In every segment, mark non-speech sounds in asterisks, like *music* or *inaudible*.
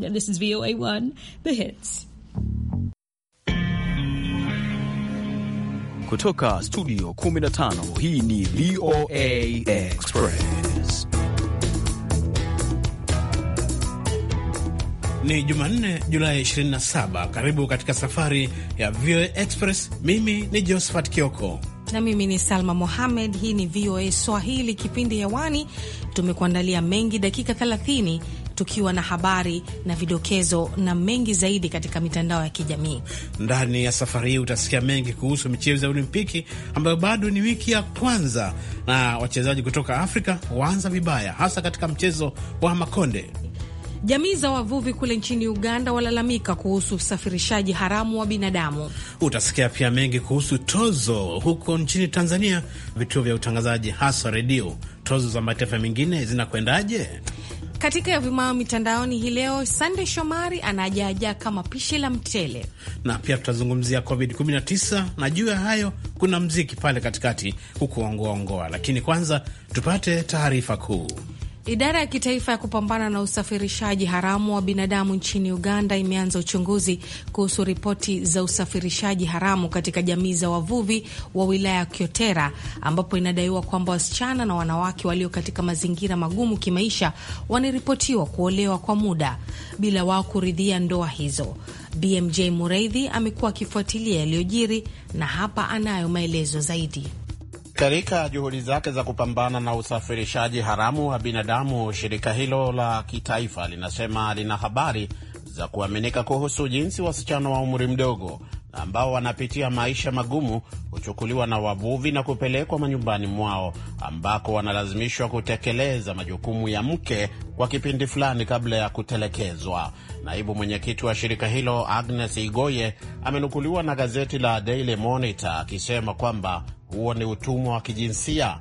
This is VOA1, The Hits. Kutoka studio 15 hii ni VOA Express. Ni Jumanne Julai 27. Karibu katika safari ya VOA Express. Mimi ni Josephat Kioko na mimi ni Salma Mohamed. Hii ni VOA Swahili, kipindi hewani. Tumekuandalia mengi dakika 30 tukiwa na habari na vidokezo na mengi zaidi katika mitandao ya kijamii. Ndani ya safari hii utasikia mengi kuhusu michezo ya Olimpiki ambayo bado ni wiki ya kwanza, na wachezaji kutoka Afrika waanza vibaya, hasa katika mchezo wa makonde. Jamii za wavuvi kule nchini Uganda walalamika kuhusu usafirishaji haramu wa binadamu. Utasikia pia mengi kuhusu tozo huko nchini Tanzania, vituo vya utangazaji hasa redio, tozo za mataifa mengine zinakwendaje? Katika Vimao Mitandaoni hii leo, Sande Shomari anajaajaa kama pishi la mtele, na pia tutazungumzia COVID-19 na juu ya hayo kuna mziki pale katikati huku lakini kwanza tupate taarifa kuu. Idara ya kitaifa ya kupambana na usafirishaji haramu wa binadamu nchini Uganda imeanza uchunguzi kuhusu ripoti za usafirishaji haramu katika jamii za wavuvi wa wilaya ya Kyotera, ambapo inadaiwa kwamba wasichana na wanawake walio katika mazingira magumu kimaisha wanaripotiwa kuolewa kwa muda bila wao kuridhia ndoa hizo. BMJ Mureithi amekuwa akifuatilia yaliyojiri na hapa anayo maelezo zaidi. Katika juhudi zake za kupambana na usafirishaji haramu wa binadamu, shirika hilo la kitaifa linasema lina habari za kuaminika kuhusu jinsi wasichana wa umri mdogo ambao wanapitia maisha magumu huchukuliwa na wavuvi na kupelekwa manyumbani mwao ambako wanalazimishwa kutekeleza majukumu ya mke kwa kipindi fulani kabla ya kutelekezwa. Naibu mwenyekiti wa shirika hilo Agnes Igoye amenukuliwa na gazeti la Daily Monitor akisema kwamba huo ni utumwa wa kijinsia.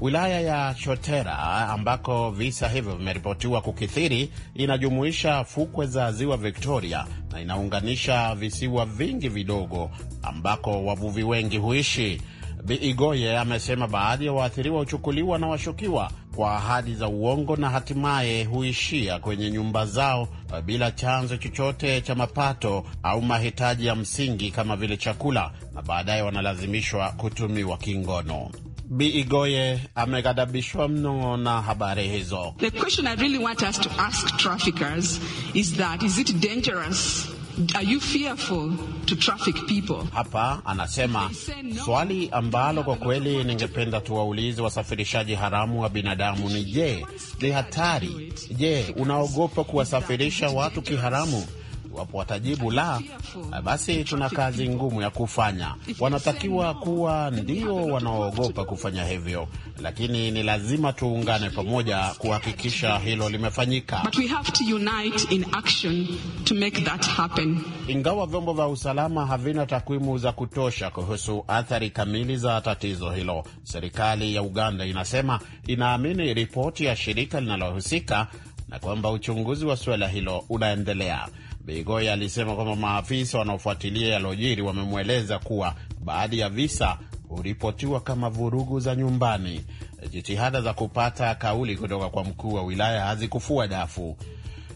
Wilaya ya Chotera ambako visa hivyo vimeripotiwa kukithiri inajumuisha fukwe za ziwa Victoria na inaunganisha visiwa vingi vidogo ambako wavuvi wengi huishi. Bi amesema baadhi ya waathiriwa huchukuliwa na washukiwa kwa ahadi za uongo na hatimaye huishia kwenye nyumba zao e, bila chanzo chochote cha mapato au mahitaji ya msingi kama vile chakula, na baadaye wanalazimishwa kutumiwa kingono. Bi Igoye mno na habari hizo. The question I really want us to ask traffickers is that, is it dangerous Are you fearful to traffic people? Hapa anasema no. Swali ambalo kwa kweli ningependa tuwaulize wasafirishaji haramu wa binadamu ni je, ni hatari? Je, unaogopa kuwasafirisha watu kiharamu? Iwapo watajibu la, basi tuna kazi ngumu ya kufanya. Wanatakiwa kuwa ndio wanaoogopa kufanya hivyo, lakini ni lazima tuungane pamoja kuhakikisha hilo limefanyika. Ingawa vyombo vya usalama havina takwimu za kutosha kuhusu athari kamili za tatizo hilo, serikali ya Uganda inasema inaamini ripoti ya shirika linalohusika na kwamba uchunguzi wa suala hilo unaendelea. Bigoy alisema kwamba maafisa wanaofuatilia yalojiri wamemweleza kuwa baadhi ya visa huripotiwa kama vurugu za nyumbani. Jitihada za kupata kauli kutoka kwa mkuu wa wilaya hazikufua dafu.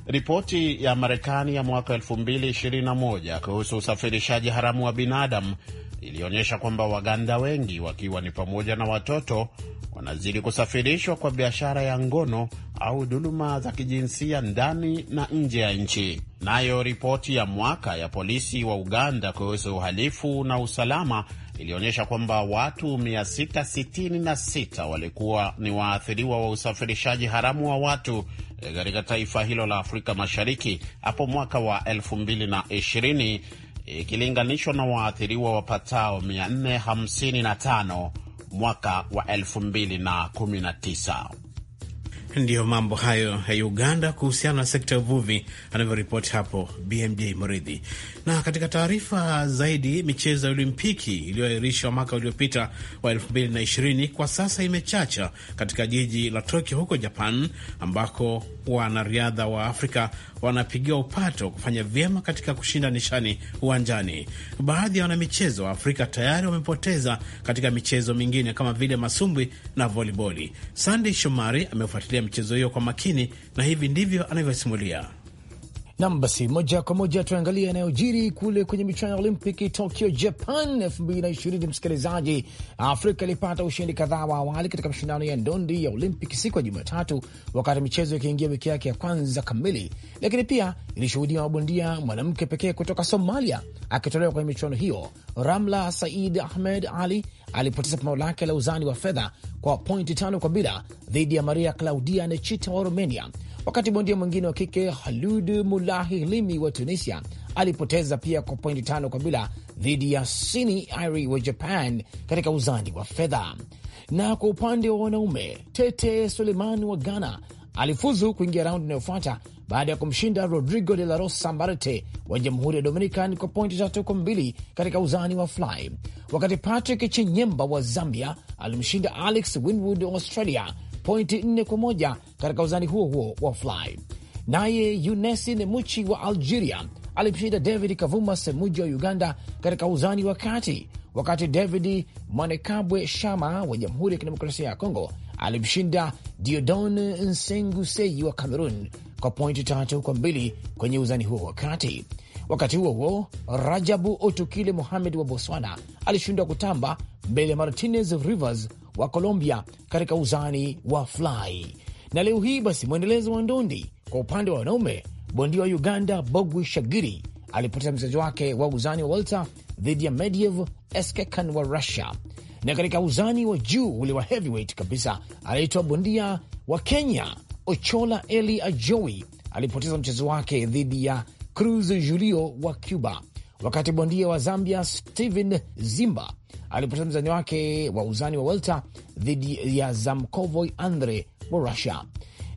Ripoti ya Marekani ya mwaka 2021 kuhusu usafirishaji haramu wa binadamu ilionyesha kwamba Waganda wengi wakiwa ni pamoja na watoto wanazidi kusafirishwa kwa biashara ya ngono au dhuluma za kijinsia ndani na nje ya nchi. Nayo ripoti ya mwaka ya polisi wa Uganda kuhusu uhalifu na usalama ilionyesha kwamba watu 666 walikuwa ni waathiriwa wa usafirishaji haramu wa watu eh, katika taifa hilo la Afrika Mashariki hapo mwaka wa 2020 ikilinganishwa na waathiriwa wapatao 455 mwaka wa 2019. Ndiyo mambo hayo ya Uganda kuhusiana na sekta ya uvuvi anavyoripoti hapo BMJ Mridhi. Na katika taarifa zaidi, michezo ya Olimpiki iliyoahirishwa mwaka uliopita wa 2020 kwa sasa imechacha katika jiji la Tokyo huko Japan, ambako wanariadha wa Afrika wanapigiwa upato kufanya vyema katika kushinda nishani uwanjani. Baadhi ya wanamichezo wa Afrika tayari wamepoteza katika michezo mingine kama vile masumbwi na voliboli. sandey Shomari amefuatilia michezo hiyo kwa makini na hivi ndivyo anavyosimulia. Nam, basi moja kwa moja tuangalia yanayojiri kule kwenye michuano ya Olimpiki Tokyo, Japan elfu mbili na ishirini. Msikilizaji, Afrika ilipata ushindi kadhaa wa awali katika mashindano ya ndondi ya Olimpiki siku ya Jumatatu, wakati michezo ikiingia wiki yake ya kwanza kamili, lakini pia ilishuhudia mabondia mwanamke pekee kutoka Somalia akitolewa kwenye michuano hiyo. Ramla Said Ahmed Ali alipoteza pambano lake la uzani wa fedha kwa pointi tano kwa bila dhidi ya Maria Claudia Nechita wa Romania wakati bondia mwingine wa kike Halud Mulahi Limi wa Tunisia alipoteza pia kwa pointi tano kwa bila dhidi ya Sini Iri wa Japan katika uzani wa fedha. Na kwa upande wa wanaume, Tete Suleiman wa Ghana alifuzu kuingia raundi inayofuata baada ya kumshinda Rodrigo de la Rosa Marte wa Jamhuri ya Dominican kwa pointi tatu kwa mbili katika uzani wa fly, wakati Patrick Chinyemba wa Zambia alimshinda Alex Winwood wa Australia pointi nne kwa moja katika uzani huo huo wa fly. Naye Unesin Muchi wa Algeria alimshinda David Kavuma Semuja wa Uganda katika uzani wa kati, wakati David Mwanekabwe Shama wa Jamhuri ya Kidemokrasia ya Kongo alimshinda Diodon Nsengusei wa Cameroon kwa pointi tatu kwa mbili kwenye uzani huo wa kati. Wakati huo huo, Rajabu Otukile Mohamed wa Botswana alishindwa kutamba mbele ya Martinez Rivers wa Colombia katika uzani wa fly. Na leo hii basi, mwendelezo wa ndondi kwa upande wa wanaume, bondia wa Uganda Bogwi Shagiri alipoteza mchezo wake wa uzani wa welter dhidi ya Mediev Eskekan wa Russia, na katika uzani wa juu ule wa heavyweight kabisa aliitwa bondia wa Kenya Ochola Eli ajoi alipoteza mchezo wake dhidi ya Cruz Julio wa Cuba, wakati bondia wa Zambia Steven Zimba alipoteza mzani wake wa uzani wa welter dhidi ya Zamkovoi Andre wa Russia.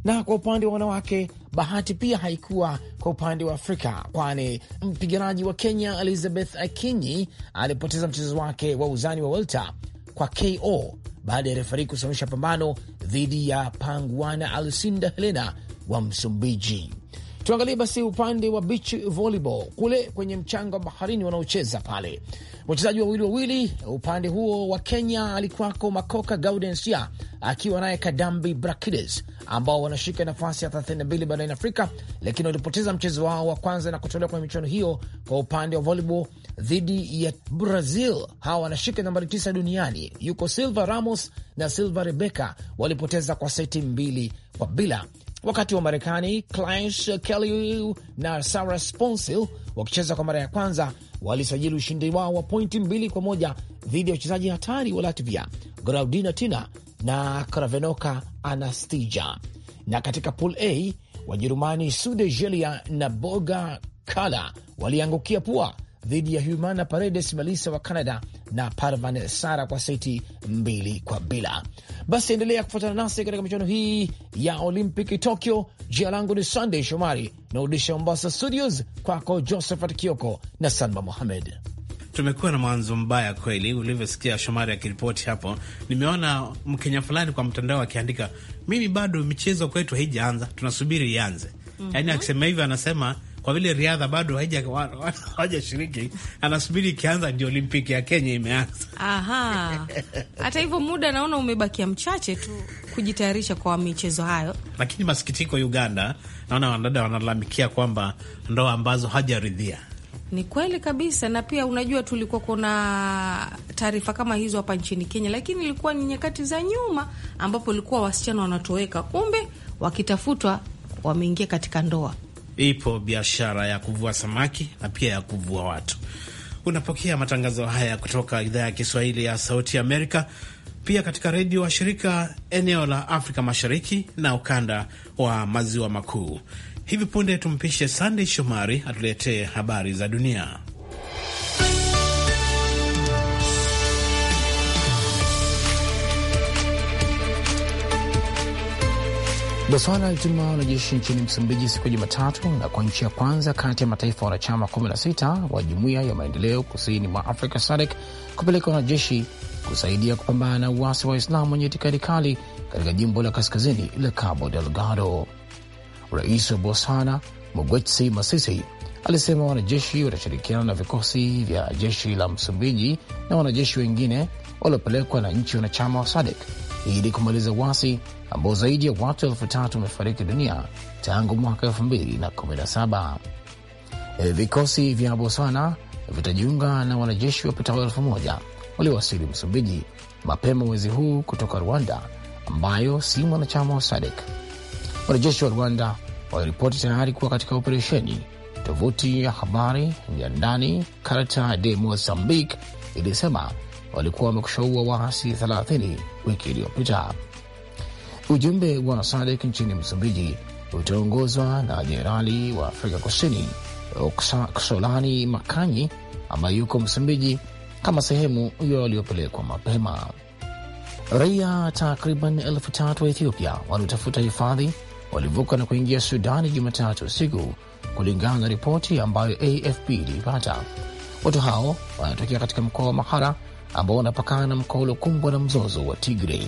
Na kwa upande wa wanawake, bahati pia haikuwa kwa upande wa Afrika, kwani mpiganaji wa Kenya Elizabeth Akinyi alipoteza mchezo wake wa uzani wa welter kwa KO baada ya refari kusimamisha pambano dhidi ya panguana Alcinda Helena wa Msumbiji. Tuangalie basi upande wa beach volleyball kule kwenye mchanga wa baharini wanaocheza pale, wachezaji wawili wawili upande huo wa Kenya alikuwako Makoka Gaudensia akiwa naye Kadambi Brakides ambao wanashika nafasi ya 32 barani Afrika, lakini walipoteza mchezo wao wa kwanza na kutolewa kwenye michuano hiyo kwa upande wa volleyball dhidi ya Brazil. Hawa wanashika nambari tisa duniani, yuko Silva Ramos na Silva Rebecca walipoteza kwa seti mbili kwa bila wakati wa Marekani Clash Kelly na Sarah Sponsil wakicheza kwa mara ya kwanza walisajili ushindi wao wa pointi mbili kwa moja dhidi ya wachezaji hatari wa Latvia Graudina Tina na Kravenoka Anastija. Na katika pool A Wajerumani Sude Jelia na Boga Kala waliangukia pua dhidi ya Humana Paredes Malisa wa Canada na Parvan Sara kwa seti mbili kwa bila. Basi endelea kufuatana nasi katika michuano hii ya Olympic Tokyo. Jina langu ni Sunday Shomari na udisha Mombasa studios kwako Josephat Kioko na Salma Mohamed. Tumekuwa na mwanzo mbaya kweli, ulivyosikia Shomari akiripoti hapo. Nimeona Mkenya fulani kwa mtandao akiandika, mimi bado michezo kwetu haijaanza, tunasubiri ianze. Mm -hmm. Yaani akisema hivyo anasema kwa vile riadha bado hawajashiriki, anasubiri ikianza ndio Olimpiki ya Kenya imeanza. Aha. Hata hivyo muda naona umebakia mchache tu kujitayarisha kwa michezo hayo, lakini masikitiko, Uganda naona wanadada wanalalamikia kwamba ndoa ambazo hajaridhia ni kweli kabisa, na pia unajua, tulikuwa kuna taarifa kama hizo hapa nchini Kenya, lakini ilikuwa ni nyakati za nyuma ambapo ilikuwa wasichana wanatoweka, kumbe wakitafutwa wameingia katika ndoa ipo biashara ya kuvua samaki na pia ya kuvua watu. Unapokea matangazo haya kutoka idhaa ya Kiswahili ya Sauti Amerika, pia katika redio wa shirika eneo la Afrika Mashariki na ukanda wa maziwa makuu. Hivi punde tumpishe Sandey Shomari atuletee habari za dunia. Botswana alituma wanajeshi nchini Msumbiji siku ya Jumatatu na kwa nchi ya kwanza kati ya mataifa wanachama 16 wa jumuiya ya maendeleo kusini mwa Afrika SADC kupeleka wanajeshi kusaidia kupambana na uasi wa Islamu wenye itikadi kali katika jimbo la kaskazini la Cabo Delgado. Rais wa Botswana Mogwetsi Masisi alisema wanajeshi watashirikiana na vikosi vya jeshi la Msumbiji na wanajeshi wengine waliopelekwa na nchi wanachama wa SADC ili kumaliza uasi ambao zaidi ya watu elfu tatu wamefariki dunia tangu mwaka 2017. E, vikosi vya Botswana vitajiunga na wanajeshi wapatao elfu moja waliowasili Msumbiji mapema mwezi huu kutoka Rwanda ambayo si mwanachama wa SADC. Wanajeshi wa Rwanda waliripoti tayari kuwa katika operesheni. Tovuti ya habari ya ndani karta de Mozambique ilisema walikuwa wamekushaua waasi 30 wiki iliyopita. Ujumbe wa SADEK nchini Msumbiji utaongozwa na jenerali wa Afrika Kusini oksolani Makanyi ambaye yuko Msumbiji kama sehemu ya waliopelekwa mapema. Raia takriban elfu tatu wa Ethiopia wanaotafuta hifadhi walivuka na kuingia Sudani Jumatatu usiku kulingana na ripoti ambayo AFP iliipata. Watu hao wanatokea katika mkoa wa Mahara ambao wanapakana na mkoa uliokumbwa na mzozo wa Tigrei.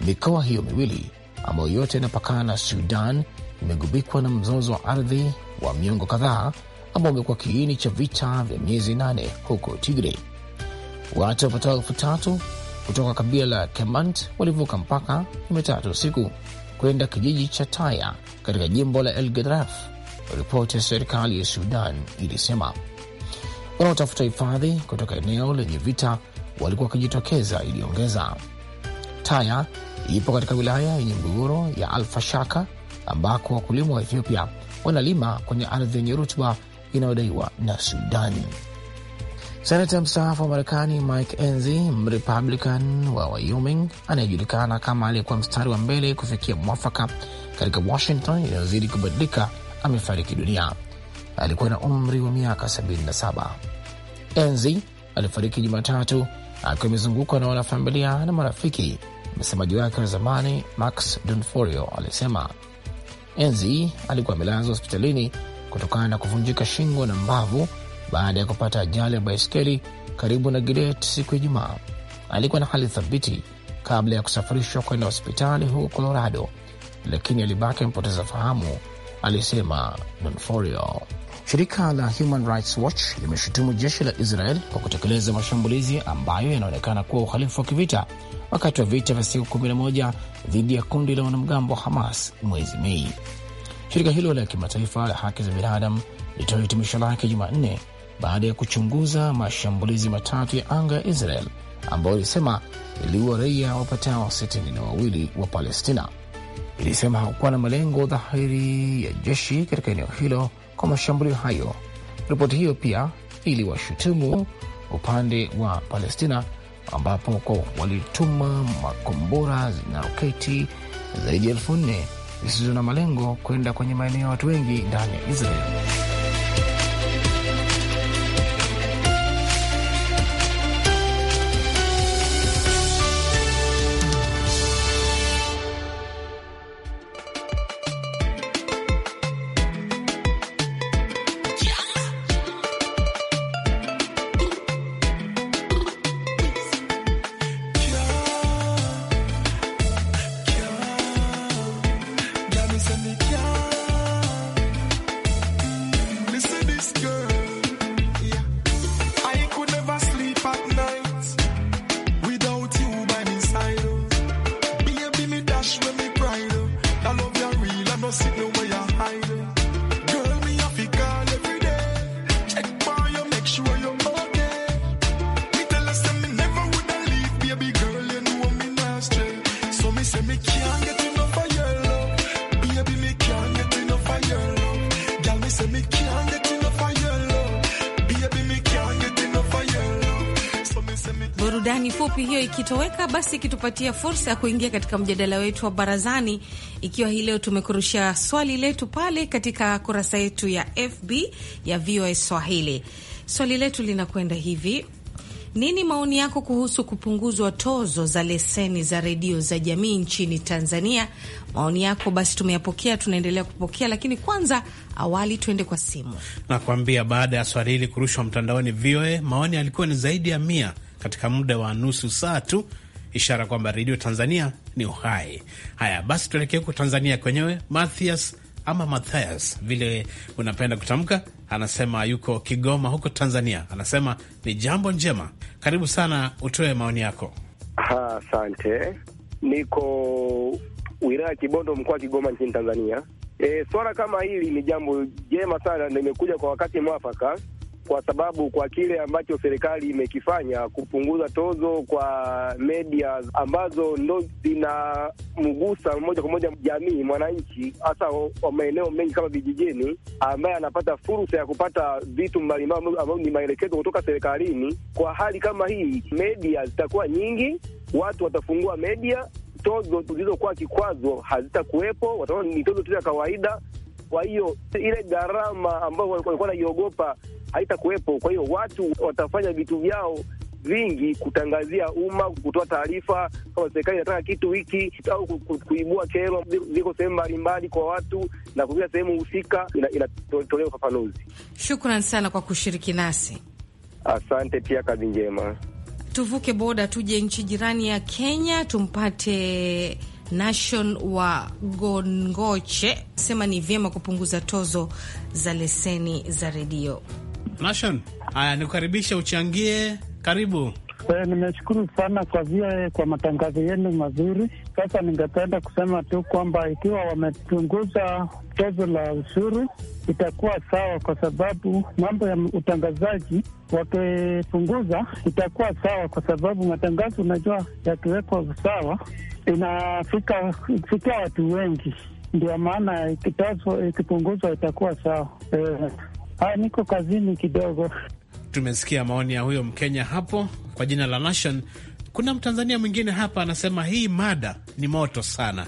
Mikoa hiyo miwili ambayo yote inapakana na Sudan imegubikwa na mzozo wa ardhi wa miongo kadhaa ambao umekuwa kiini cha vita vya miezi nane huko Tigre. Watu wapatao elfu tatu kutoka kabila la Kemant walivuka mpaka Jumatatu usiku kwenda kijiji cha Taya katika jimbo la El Gedraf, ripoti ya serikali ya Sudan ilisema. Wanaotafuta hifadhi kutoka eneo lenye vita walikuwa wakijitokeza, iliongeza. Taya ipo katika wilaya yenye mgogoro ya Alfashaka ambako wakulima wa Ethiopia wanalima kwenye ardhi yenye rutuba inayodaiwa na Sudan. Senata mstaafu wa Marekani Mike Enzi, Mrepublican wa Wyoming anayejulikana kama aliyekuwa mstari wa mbele kufikia mwafaka katika Washington inayozidi kubadilika, amefariki dunia. Alikuwa na umri wa miaka 77. Enzi alifariki Jumatatu akiwa amezungukwa na wanafamilia na marafiki Msemaji wake wa zamani Max Dunforio alisema Enzi alikuwa amelazwa hospitalini kutokana na kuvunjika shingo na mbavu baada ya kupata ajali ya baiskeli karibu na Gilet siku ya Ijumaa. Alikuwa na hali thabiti kabla ya kusafirishwa kwenda hospitali huko Colorado, lakini alibaki amepoteza fahamu, alisema Donforio. Shirika la Human Rights Watch limeshutumu jeshi la Israel kwa kutekeleza mashambulizi ambayo yanaonekana kuwa uhalifu wa kivita wakati wa vita vya siku 11 dhidi ya kundi la wanamgambo wa Hamas mwezi Mei. Shirika hilo la kimataifa la haki za binadamu litoa hitimisho lake Jumanne baada ya kuchunguza mashambulizi matatu ya anga ya Israel ambayo ilisema iliua raia wapatao sitini na wawili wa Palestina. Ilisema hakukuwa na malengo dhahiri ya jeshi katika eneo hilo kwa mashambulio hayo. Ripoti hiyo pia iliwashutumu upande wa Palestina ambapo walituma makombora na roketi zaidi ya elfu nne zisizo na malengo kwenda kwenye maeneo ya watu wengi ndani ya Israeli. Burudani fupi hiyo ikitoweka, basi ikitupatia fursa ya kuingia katika mjadala wetu wa barazani, ikiwa hii leo tumekurusha swali letu pale katika kurasa yetu ya FB ya VOA Swahili. Swali letu linakwenda hivi: nini maoni yako kuhusu kupunguzwa tozo za leseni za redio za jamii nchini Tanzania? Maoni yako basi tumeyapokea, tunaendelea kupokea, lakini kwanza awali tuende kwa simu. Nakwambia, baada ya swali hili kurushwa mtandaoni VOA, maoni yalikuwa ni zaidi ya mia katika muda wa nusu saa tu, ishara kwamba redio Tanzania ni uhai. Haya basi, tuelekee huko Tanzania kwenyewe. Mathias ama Mathias vile unapenda kutamka, anasema yuko Kigoma huko Tanzania, anasema ni jambo njema. Karibu sana, utoe maoni yako. Asante. Niko wilaya Kibondo, mkoa wa Kigoma, nchini Tanzania. E, swala kama hili ni jambo jema sana, limekuja kwa wakati mwafaka, kwa sababu kwa kile ambacho serikali imekifanya kupunguza tozo kwa media ambazo ndo zinamgusa moja kwa moja jamii, mwananchi, hasa wa maeneo mengi kama vijijini, ambaye anapata fursa ya kupata vitu mbalimbali ambavyo ni maelekezo kutoka serikalini. Kwa hali kama hii, media zitakuwa nyingi, watu watafungua media tozo zilizokuwa kikwazo hazitakuwepo, wataona ni tozo tu ya kawaida, kwa hiyo ile gharama ambayo walikuwa wanaiogopa haitakuwepo. Kwa hiyo watu watafanya vitu vyao vingi kutangazia umma, kutoa taarifa kama serikali inataka kitu hiki, au kuibua kero ziko sehemu mbalimbali kwa watu na kuia sehemu husika inatolewa ufafanuzi. Shukran sana kwa kushiriki nasi, asante pia, kazi njema. Tuvuke boda tuje nchi jirani ya Kenya tumpate Nation wa Gongoche sema ni vyema kupunguza tozo za leseni za redio. Nation, haya nikukaribisha, uchangie. Karibu. E, nimeshukuru sana kwa via kwa matangazo yenu mazuri. Sasa ningependa kusema tu kwamba ikiwa wamepunguza tozo la ushuru itakuwa sawa, kwa sababu mambo ya utangazaji wakipunguza itakuwa sawa, kwa sababu matangazo, unajua, yakiwekwa sawa inafika fikia watu wengi, ndio maana ikipunguzwa itakuwa sawa. E, haya, niko kazini kidogo. Tumesikia maoni ya huyo Mkenya hapo kwa jina la Nation. Kuna Mtanzania mwingine hapa anasema hii mada ni moto sana.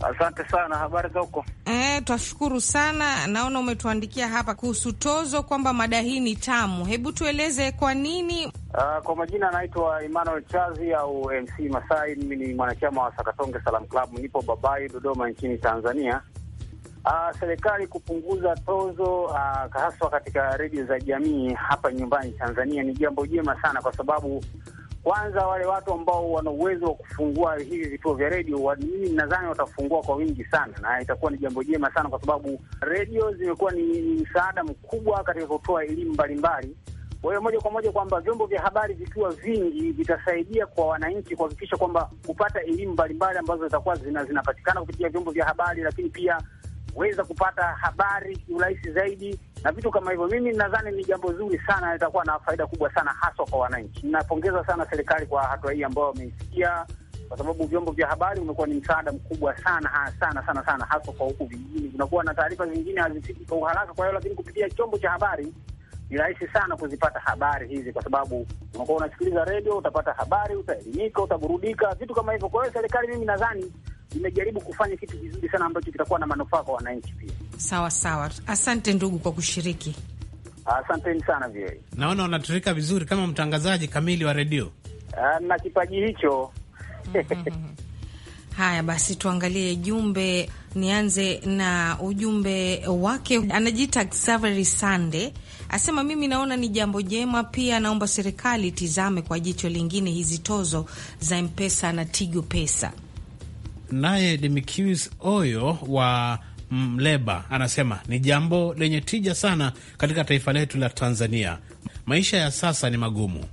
Asante sana. Habari za huko? Eh, twashukuru sana. Naona umetuandikia hapa kuhusu tozo kwamba mada hii ni tamu. Hebu tueleze kwa nini? Uh, kwa majina anaitwa Emmanuel Chazi au MC Masai. Mimi ni mwanachama wa Sakatonge Salam Club, nipo Babai, Dodoma nchini Tanzania. Uh, serikali kupunguza tozo uh, haswa katika redio za jamii hapa nyumbani Tanzania ni jambo jema sana, kwa sababu kwanza wale watu ambao wana uwezo wa kufungua hivi vituo vya redio, mimi nadhani watafungua kwa wingi sana, na itakuwa ni jambo jema sana, kwa sababu redio zimekuwa ni msaada mkubwa katika kutoa elimu mbalimbali. Kwa hiyo moja kwa moja kwamba vyombo vya habari vikiwa vingi vitasaidia kwa wananchi kuhakikisha kwamba kupata elimu mbalimbali ambazo zitakuwa zinapatikana kupitia vyombo vya habari, lakini pia kuweza kupata habari kiurahisi zaidi na vitu kama hivyo. Mimi nadhani ni jambo zuri sana, litakuwa na faida kubwa sana haswa kwa wananchi. Ninapongeza sana serikali kwa hatua hii ambayo wameisikia, kwa sababu vyombo vya habari umekuwa ni msaada mkubwa sana ha, sana sana sana, haswa kwa huku vijijini. Kunakuwa na taarifa zingine hazifiki kwa uharaka, kwa hiyo lakini kupitia chombo cha habari ni rahisi sana kuzipata habari hizi, kwa sababu unakuwa unasikiliza redio, utapata habari, utaelimika, utaburudika, vitu kama hivyo. Kwa hiyo serikali, mimi nadhani imejaribu kufanya kitu kizuri sana ambacho kitakuwa na manufaa kwa wananchi pia. Sawa sawa, asante ndugu kwa kushiriki. Asanteni sana vile, naona unaturika vizuri kama mtangazaji kamili wa redio ah, na kipaji hicho. Mm-hmm. *laughs* Haya basi, tuangalie jumbe. Nianze na ujumbe wake, anajiita Xavery Sande, asema mimi naona ni jambo jema. Pia naomba serikali itizame kwa jicho lingine hizi tozo za Mpesa na Tigo Pesa. Naye Demikius Oyo wa Mleba anasema ni jambo lenye tija sana katika taifa letu la Tanzania. Maisha ya sasa ni magumu.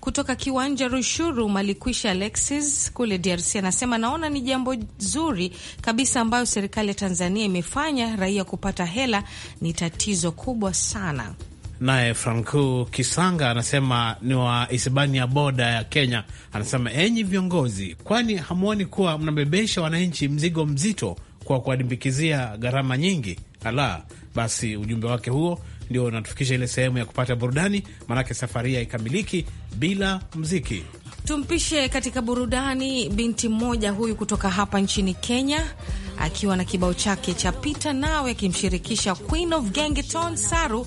Kutoka kiwanja Rushuru, Malikwisha Alexis kule DRC anasema naona ni jambo zuri kabisa ambayo serikali ya Tanzania imefanya. Raia kupata hela ni tatizo kubwa sana. Naye Franco Kisanga anasema ni wa Hispania boda ya Kenya, anasema enyi viongozi, kwani hamwoni kuwa mnabebesha wananchi mzigo mzito kwa kuwadimbikizia gharama nyingi? Ala, basi ujumbe wake huo ndio unatufikisha ile sehemu ya kupata burudani, maanake safari haikamiliki bila mziki. Tumpishe katika burudani binti mmoja huyu kutoka hapa nchini Kenya akiwa na kibao chake cha pita nawe akimshirikisha Queen of Gengeton Saru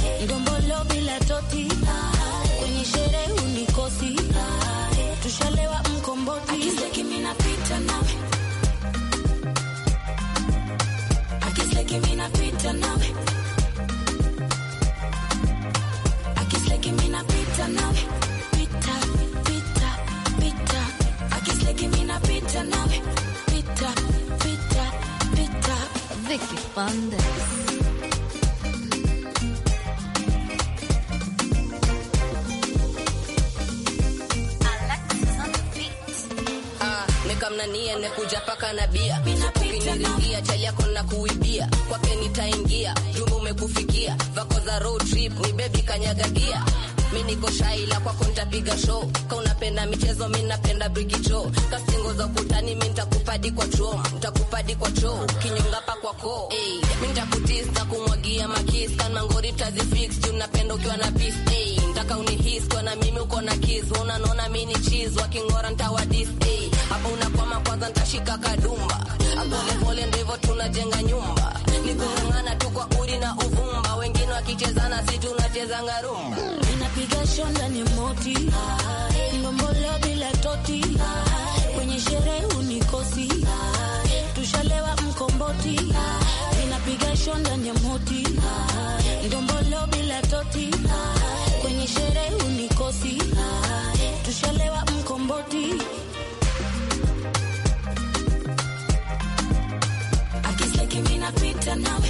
ngombolo bila toti kwenye sherehe unikosi tushalewa mkomboti Vicky Fanders. mna nia na kujapaka na bia, ukiniringia chali yako na kuibia, kwake nitaingia, jumbe umekufikia, vako za road trip ni bebi kanyaga gia Mi niko shaila kwako nitapiga show, ka unapenda michezo, mi napenda brigicho, kastingo za ukutani, mi ntakupadi kwa choo, ntakupadi kwa choo, kinyonga pa kwako hey. Mi ntakutis takumwagia makis kana ngori tazifix juu ukiwa na pis hey. Ntaka unihis kwa na mimi uko na kis, unanona mi ni chiz, wakingora ntawadis hey. Hapa unakwama kwanza, ntashika kadumba. Polepole ndivyo tunajenga nyumba, ni kung'ang'ana tu kwa udi na uvumba. Wengine wakichezana, si tunacheza ngarumba. Inapiga shonda ni moti ngomboleo bila toti kwenye sherehe unikosi tushalewa mkomboti inapiga shonda ni moti ngomboleo bila toti kwenye sherehe unikosi tushalewa mkomboti napita nawe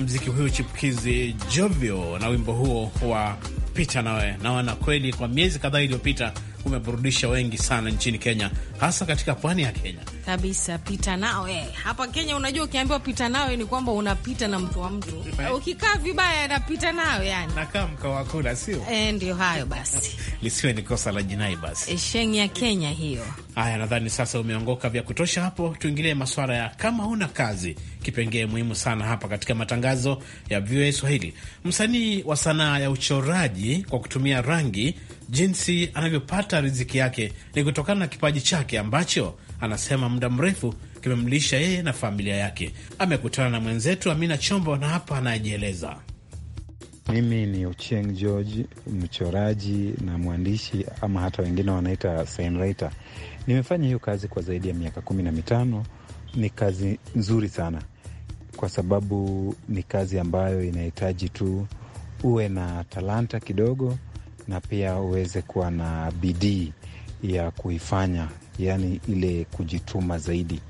mziki huyu chipukizi Jovio na wimbo huo wa pita nawe. Naona kweli kwa miezi kadhaa iliyopita umeburudisha wengi sana nchini Kenya, hasa katika pwani ya Kenya kabisa, pita nawe hapa Kenya. Unajua, ukiambiwa pita nawe ni kwamba unapita na mtu wa mtu, eh. ukikaa vibaya anapita nawe yani, nakaa mkao wako na sio e? ndio hayo basi. *laughs* Lisiwe ni kosa la jinai basi, e, sheng ya Kenya hiyo. Haya, nadhani sasa umeongoka vya kutosha hapo. Tuingilie masuala ya kama huna kazi, kipengee muhimu sana hapa katika matangazo ya VOA Swahili. Msanii wa sanaa ya uchoraji kwa kutumia rangi, jinsi anavyopata riziki yake ni kutokana na kipaji chake ambacho anasema muda mrefu kimemlisha yeye na familia yake. Amekutana na mwenzetu Amina Chombo na hapa anajieleza. Mimi ni Ucheng George, mchoraji na mwandishi ama hata wengine wanaita signwriter. Nimefanya hiyo kazi kwa zaidi ya miaka kumi na mitano. Ni kazi nzuri sana, kwa sababu ni kazi ambayo inahitaji tu uwe na talanta kidogo na pia uweze kuwa na bidii ya kuifanya yaani ile kujituma zaidi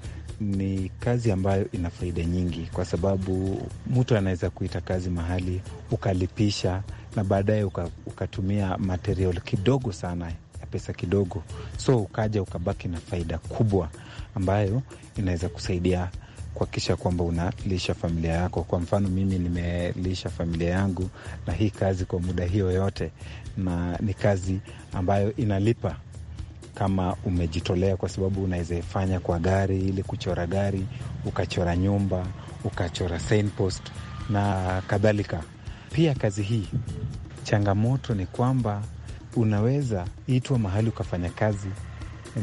ni kazi ambayo ina faida nyingi, kwa sababu mtu anaweza kuita kazi mahali ukalipisha, na baadaye ukatumia material kidogo sana ya pesa kidogo, so ukaja ukabaki na faida kubwa ambayo inaweza kusaidia kuhakikisha kwamba unalisha familia yako. Kwa mfano, mimi nimelisha familia yangu na hii kazi kwa muda hiyo yote, na ni kazi ambayo inalipa kama umejitolea, kwa sababu unaweza ifanya kwa gari, ili kuchora gari, ukachora nyumba, ukachora signpost na kadhalika. Pia kazi hii changamoto ni kwamba unaweza itwa mahali ukafanya kazi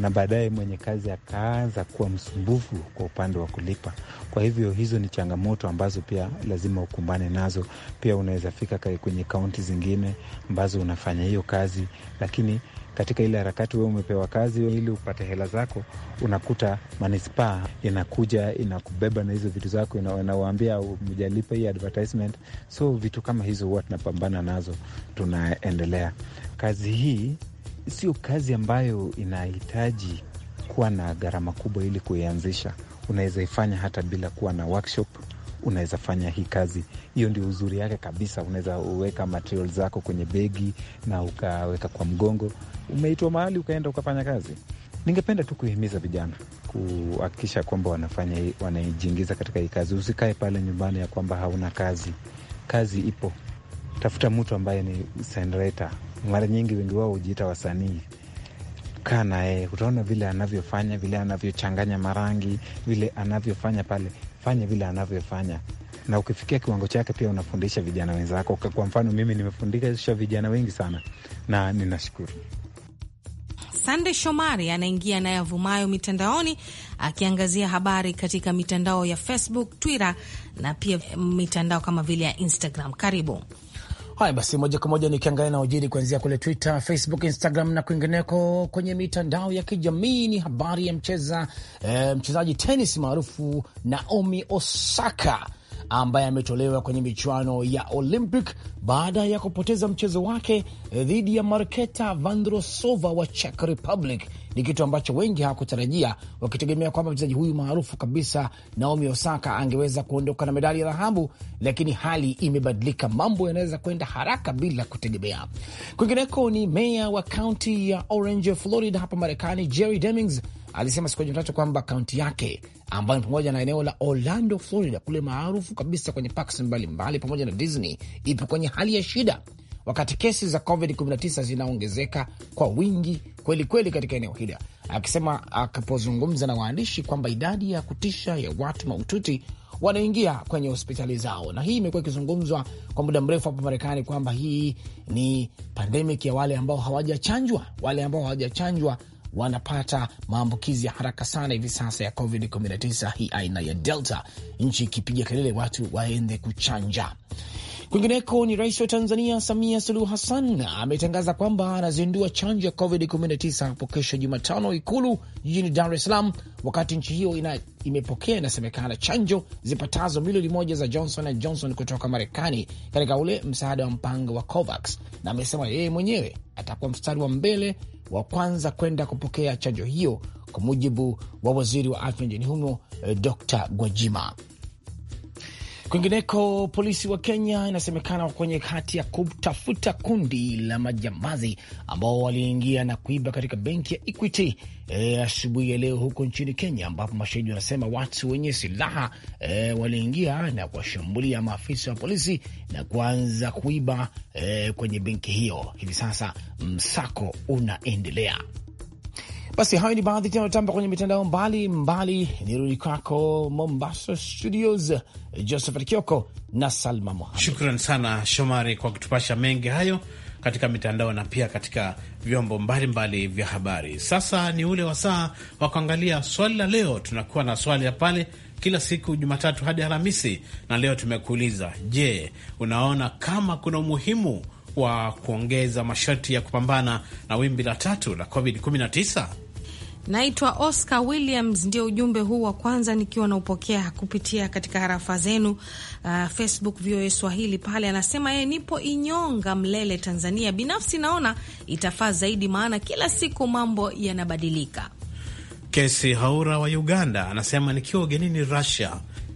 na baadaye mwenye kazi akaanza kuwa msumbufu kwa upande wa kulipa. Kwa hivyo hizo ni changamoto ambazo pia lazima ukumbane nazo. Pia unaweza fika kwenye kaunti zingine ambazo unafanya hiyo kazi, lakini katika ile harakati, wewe umepewa kazi ili upate hela zako, unakuta manispaa inakuja inakubeba na hizo vitu zako, inawaambia mjalipa hii advertisement. So vitu kama hizo huwa tunapambana nazo, tunaendelea. Kazi hii sio kazi ambayo inahitaji kuwa na gharama kubwa ili kuianzisha. Unaweza ifanya hata bila kuwa na workshop unaweza fanya hii kazi. Hiyo ndio uzuri yake kabisa. Unaweza uweka material zako kwenye begi na ukaweka kwa mgongo, umeitwa mahali ukaenda ukafanya kazi. Ningependa tu kuhimiza vijana kuhakikisha kwamba wanafanya wanaijiingiza katika hii kazi. Usikae pale nyumbani ya kwamba hauna kazi, kazi ipo. Tafuta mtu ambaye ni songwriter. Mara nyingi wengi wao hujiita wasanii. Kaa naye, eh, utaona vile anavyofanya, vile anavyochanganya marangi, vile anavyofanya pale, fanya vile anavyofanya na ukifikia kiwango chake pia unafundisha vijana wenzako. Kwa mfano, mimi nimefundisha vijana wengi sana na ninashukuru. Sande Shomari anaingia na yavumayo mitandaoni, akiangazia habari katika mitandao ya Facebook, Twitter na pia mitandao kama vile ya Instagram. Karibu. Haya basi, moja kwa moja nikiangalia na ujiri kuanzia kule Twitter, Facebook, Instagram na kwingineko kwenye mitandao ya kijamii ni habari ya mcheza e, mchezaji tenis maarufu Naomi Osaka ambaye ametolewa kwenye michuano ya Olympic baada ya kupoteza mchezo wake eh, dhidi ya Marketa Vandrosova wa Czech Republic. Ni kitu ambacho wengi hawakutarajia, wakitegemea kwamba mchezaji huyu maarufu kabisa Naomi Osaka angeweza kuondoka na medali ya dhahabu, lakini hali imebadilika. Mambo yanaweza kwenda haraka bila kutegemea. Kwingineko ni meya wa kaunti ya Orange, Florida hapa Marekani, Jerry Demings alisema siku ya Jumatatu kwamba kaunti yake ambayo ni pamoja na eneo la Orlando, Florida kule maarufu kabisa kwenye parks mbalimbali pamoja na Disney, ipo kwenye hali ya shida wakati kesi za COVID-19 zinaongezeka kwa wingi kweli kweli katika eneo hilo, akisema akapozungumza na waandishi kwamba idadi ya kutisha ya watu maututi wanaingia kwenye hospitali zao, na hii imekuwa ikizungumzwa kwa muda mrefu hapa Marekani kwamba hii ni pandemic ya wale ambao hawajachanjwa. Wale ambao hawajachanjwa wanapata maambukizi ya haraka sana hivi sasa ya COVID-19, hii aina ya Delta, nchi ikipiga kelele watu waende kuchanja. Kwingineko ni rais wa Tanzania Samia Suluhu Hassan ametangaza kwamba anazindua chanjo ya COVID-19 hapo kesho Jumatano Ikulu jijini Dar es Salaam, wakati nchi hiyo ina, imepokea inasemekana chanjo zipatazo milioni moja za Johnson and Johnson kutoka Marekani katika ule msaada wa mpango wa COVAX, na amesema yeye mwenyewe atakuwa mstari wa mbele wa kwanza kwenda kupokea chanjo hiyo, kwa mujibu wa waziri wa afya nchini humo eh, Dr Gwajima. Kwingineko, polisi wa Kenya inasemekana kwenye hati ya kutafuta kundi la majambazi ambao waliingia na kuiba katika benki ya Equity e, asubuhi ya leo huko nchini Kenya, ambapo mashahidi wanasema watu wenye silaha e, waliingia na kuwashambulia maafisa wa polisi na kuanza kuiba e, kwenye benki hiyo. Hivi sasa msako unaendelea. Basi hayo ni baadhi tunayotamba kwenye mitandao mbalimbali. Nirudi kwako Mombasa Studios, Josephat Kioko na Salma Mohamed. Shukran sana Shomari kwa kutupasha mengi hayo katika mitandao na pia katika vyombo mbalimbali vya habari. Sasa ni ule wa saa wa kuangalia swali la leo. Tunakuwa na swali ya pale kila siku Jumatatu hadi Alhamisi, na leo tumekuuliza, je, unaona kama kuna umuhimu wa kuongeza masharti ya kupambana na wimbi la tatu la COVID-19? Naitwa Oscar Williams, ndio ujumbe huu wa kwanza nikiwa naupokea kupitia katika harafa zenu, uh, Facebook VOA Swahili pale. Anasema yeye eh, nipo Inyonga, Mlele, Tanzania. Binafsi naona itafaa zaidi, maana kila siku mambo yanabadilika. Kesi Haura wa Uganda anasema nikiwa ugenini Russia,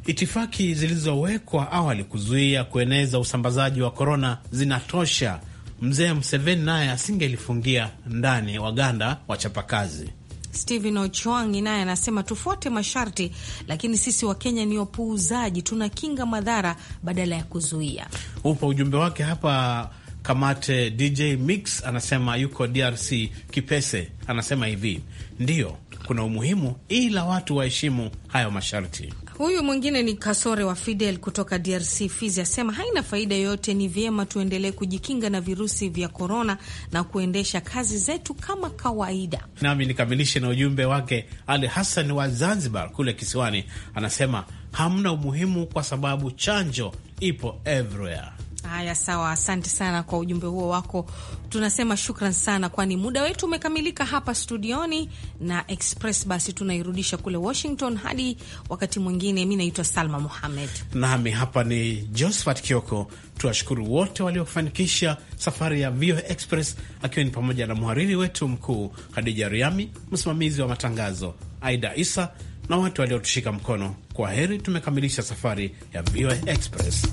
itifaki zilizowekwa awali kuzuia kueneza usambazaji wa korona zinatosha. Mzee Mseveni naye asingelifungia ndani Waganda wachapakazi stehen Ochwangi naye anasema tufuate masharti, lakini sisi Wakenya ni wapuuzaji, tunakinga madhara badala ya kuzuia. upo ujumbe wake hapa. Kamate DJ Mix anasema yuko DRC Kipese, anasema hivi ndiyo kuna umuhimu ila watu waheshimu hayo masharti. Huyu mwingine ni Kasore wa Fidel kutoka DRC Fizi, asema haina faida yoyote, ni vyema tuendelee kujikinga na virusi vya korona na kuendesha kazi zetu kama kawaida. Nami nikamilishe na ujumbe wake Ali Hassan wa Zanzibar kule kisiwani, anasema hamna umuhimu kwa sababu chanjo ipo everywhere. Haya, sawa, asante sana kwa ujumbe huo wako. Tunasema shukran sana, kwani muda wetu umekamilika hapa studioni na Express. Basi tunairudisha kule Washington hadi wakati mwingine. Mi naitwa Salma Muhamed nami hapa ni Josphat Kioko. Tuwashukuru wote waliofanikisha safari ya VOA Express, akiwa ni pamoja na mhariri wetu mkuu Hadija Riami, msimamizi wa matangazo Aida Isa na watu waliotushika mkono. Kwa heri, tumekamilisha safari ya VOA Express.